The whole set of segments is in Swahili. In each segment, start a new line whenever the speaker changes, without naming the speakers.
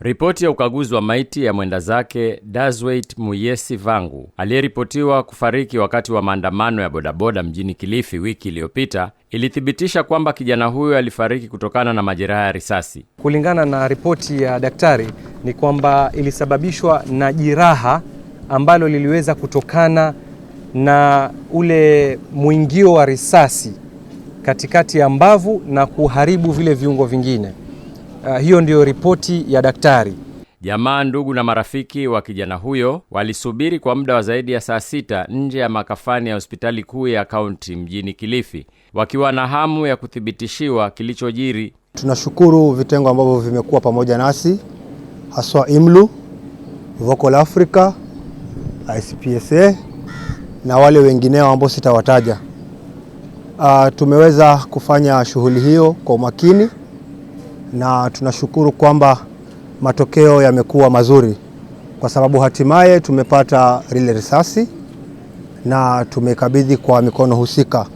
Ripoti ya ukaguzi wa maiti ya mwenda zake Dazweit Muyesi Vangu aliyeripotiwa kufariki wakati wa maandamano ya bodaboda mjini Kilifi wiki iliyopita ilithibitisha kwamba kijana huyo alifariki kutokana na majeraha ya risasi.
Kulingana na ripoti ya daktari, ni kwamba ilisababishwa na jeraha ambalo liliweza kutokana na ule mwingio wa risasi katikati ya mbavu na kuharibu vile viungo vingine. Uh, hiyo ndiyo ripoti ya daktari.
Jamaa, ndugu na marafiki wa kijana huyo walisubiri kwa muda wa zaidi ya saa sita nje ya makafani ya hospitali kuu ya kaunti mjini Kilifi wakiwa na hamu ya kuthibitishiwa kilichojiri.
Tunashukuru vitengo ambavyo vimekuwa pamoja nasi haswa IMLU, Vocal Africa, ICPSA na wale wengineo ambao sitawataja. Uh, tumeweza kufanya shughuli hiyo kwa umakini na tunashukuru kwamba matokeo yamekuwa mazuri kwa sababu hatimaye tumepata lile risasi na tumekabidhi kwa mikono husika.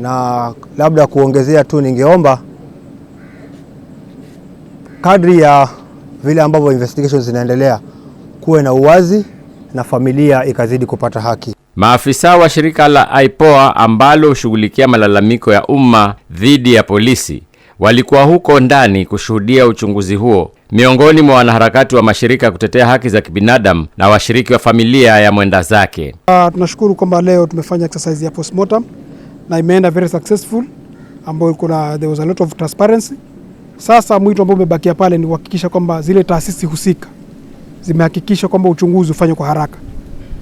Na labda kuongezea tu, ningeomba kadri ya vile ambavyo investigations zinaendelea kuwe na uwazi na familia ikazidi kupata haki.
Maafisa wa shirika la IPOA ambalo hushughulikia malalamiko ya umma dhidi ya polisi walikuwa huko ndani kushuhudia uchunguzi huo. Miongoni mwa wanaharakati wa mashirika ya kutetea haki za kibinadamu na washiriki wa familia ya mwenda zake.
Uh, tunashukuru kwamba leo tumefanya exercise ya postmortem na imeenda very successful, ambayo kuna there was a lot of transparency. Sasa mwito ambao umebakia pale ni kuhakikisha kwamba zile taasisi husika zimehakikisha kwamba uchunguzi ufanywe kwa haraka,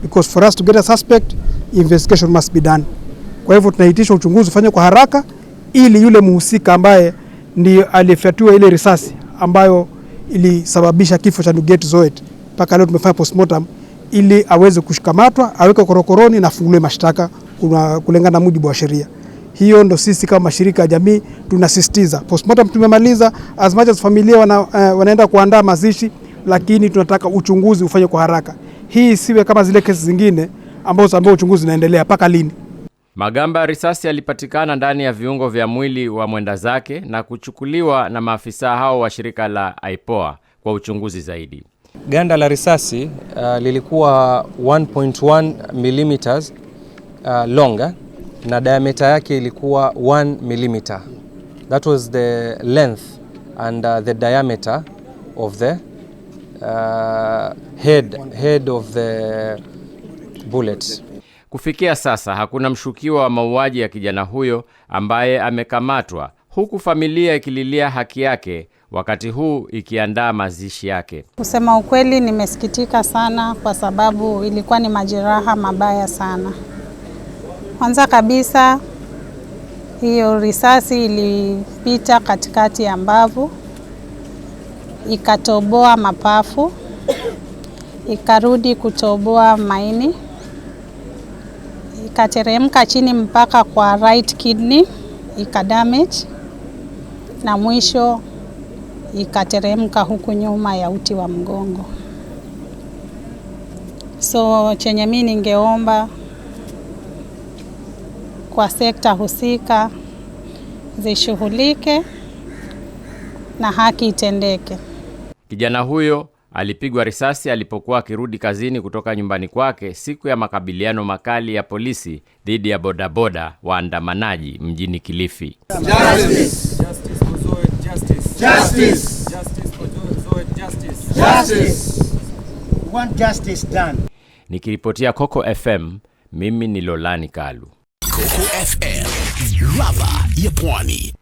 because for us to get a suspect investigation must be done. Kwa hivyo tunaitisha uchunguzi ufanywe kwa haraka ili yule mhusika ambaye ndiyo alifyatua ile risasi ambayo ilisababisha kifo cha ndugu yetu Zoet. Mpaka leo tumefanya postmortem ili aweze kushikamatwa, aweke korokoroni na afunguliwe mashtaka kulingana na mujibu wa sheria. Hiyo ndo sisi kama mashirika ya jamii tunasisitiza. Postmortem tumemaliza, as much as familia wana, uh, wanaenda kuandaa mazishi, lakini tunataka uchunguzi ufanywe kwa haraka. Hii siwe kama zile kesi zingine ambazo ambao uchunguzi unaendelea mpaka lini.
Magamba ya risasi yalipatikana ndani ya viungo vya mwili wa mwenda zake na kuchukuliwa na maafisa hao wa shirika la IPOA kwa uchunguzi zaidi.
Ganda la risasi uh, lilikuwa 1.1 mm uh, longa na diameter yake ilikuwa 1 mm. That was the length and uh, the diameter of the uh, head, head of the bullet.
Kufikia sasa hakuna mshukiwa wa mauaji ya kijana huyo ambaye amekamatwa, huku familia ikililia haki yake, wakati huu ikiandaa mazishi yake.
Kusema ukweli, nimesikitika sana kwa sababu ilikuwa ni majeraha mabaya sana. Kwanza kabisa, hiyo risasi ilipita katikati ya mbavu, ikatoboa mapafu, ikarudi kutoboa maini ikateremka chini mpaka kwa right kidney ika damage, na mwisho ikateremka huku nyuma ya uti wa mgongo. So chenye mimi ningeomba kwa sekta husika zishughulike na haki itendeke.
Kijana huyo alipigwa risasi alipokuwa akirudi kazini kutoka nyumbani kwake siku ya makabiliano makali ya polisi dhidi ya bodaboda waandamanaji mjini Kilifi. Nikiripotia Coco FM, mimi ni Lolani Kalu. Coco FM, ladha ya Pwani.